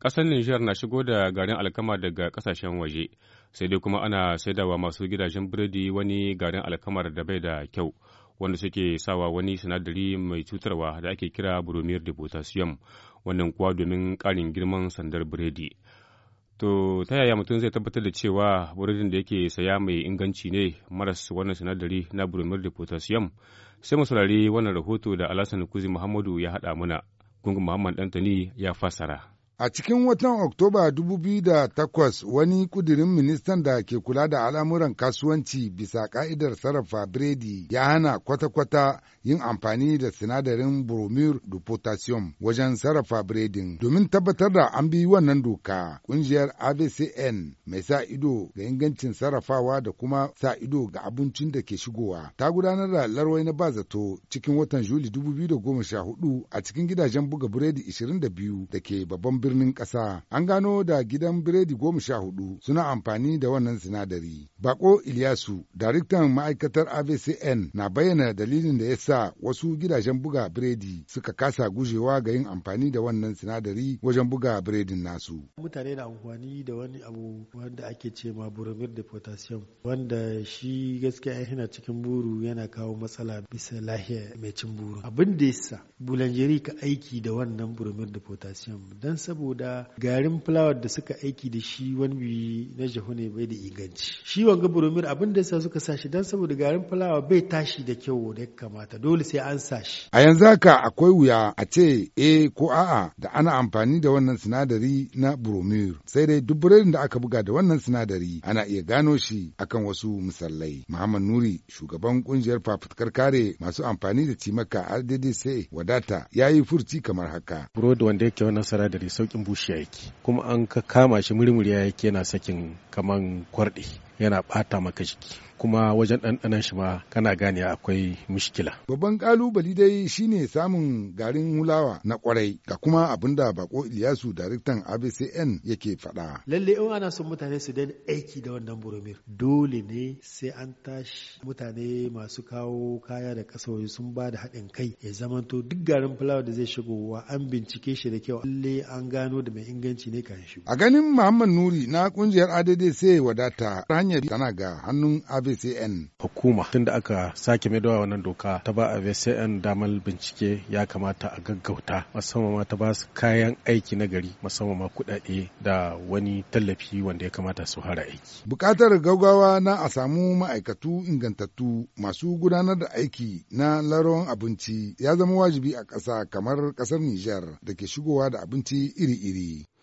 Ƙasar Nijar na shigo da garin alkama daga ƙasashen waje, sai dai kuma ana saidawa masu gidajen biredi wani garin alkamar da bai da kyau, wanda suke sawa wani sinadari mai cutarwa da ake kira bromir da potassium, wannan kuwa domin ƙarin girman sandar biredi. To ta yaya mutum zai tabbatar da cewa burodin da yake saya mai inganci ne maras wannan sinadari na bromir da potassium? Sai mu saurari wannan rahoto da Alhassan Kuzi Muhammadu ya haɗa mana, Gungun Muhammad Dantani ya fassara. A cikin watan Oktoba 2008 wani kudirin ministan da ke kula da al'amuran kasuwanci bisa ka'idar sarrafa biredi ya hana kwata-kwata yin amfani da sinadarin Bromir da potassium wajen sarrafa biredin. Domin tabbatar da an bi wannan doka, ƙungiyar ABCN mai sa ido ga ingancin sarrafawa da kuma sa ido ga abincin da ke shigowa ta gudanar da larwai na ba zato cikin watan Juli 2014 a cikin gidajen buga biredi 22 da ke babban birnin ƙasa an gano da gidan biredi goma sha hudu suna amfani da wannan sinadari. Bako Ilyasu, daraktan ma'aikatar AVCN na bayyana dalilin da ya sa wasu gidajen buga biredi suka kasa gujewa ga yin amfani da wannan sinadari wajen buga biredin nasu. Mutane na amfani da wani abu wanda ake ce ma bromide da potassium wanda shi gaskiya yana cikin buru yana kawo matsala bisa lahiya mai cin buru. Abin da ya yasa bulanjeri ka aiki da wannan bromide da potassium don saboda garin fulawar da suka aiki da shi wani bi na jahu ne bai da inganci shi wanga buromir abin da yasa suka shi don saboda garin fulawa bai tashi da kyau da ya kamata dole sai an sa shi. a yanzu haka akwai wuya a ce e ko a'a da ana amfani da wannan sinadari na buromir sai dai duk buredin da aka buga da wannan sinadari ana iya gano shi akan wasu misalai muhammad nuri shugaban kungiyar fafutukar kare masu amfani da cimaka rddc wadata ya yi furci kamar haka burodi wanda yake wannan sinadari sau saukin bushiya yake kuma an ka kama shi murmuriya yake yana sakin kaman kwarɗe yana bata maka jiki kuma wajen ɗanɗanan shi ma kana gane akwai mushkila. Babban kalubali dai shine samun garin hulawa na kwarai ga kuma abinda bako Iliyasu daraktan ABCN yake fada. Lalle in ana son mutane su daina aiki da wannan buromir dole ne sai an tashi mutane masu kawo kaya da ƙasa sun ba da haɗin kai ya zamanto duk garin fulawa da zai shigowa an bincike shi da kyau lalle an gano da mai inganci ne kan shi. A ganin Muhammad Nuri na ƙungiyar ADDC wadata hanyar tana ga hannun avcn hukuma tun da aka sake mai maidawa wannan doka ta ba avcn damar bincike ya kamata a gaggauta musamman ma ta ba su kayan aiki na gari musamman ma kudade da wani tallafi wanda ya kamata su hara aiki bukatar gaugawa na a samu ma'aikatu ingantattu masu gudanar da aiki na laron abinci ya zama wajibi a ƙasa kamar ƙasar Nijar da ke shigowa da abinci iri-iri.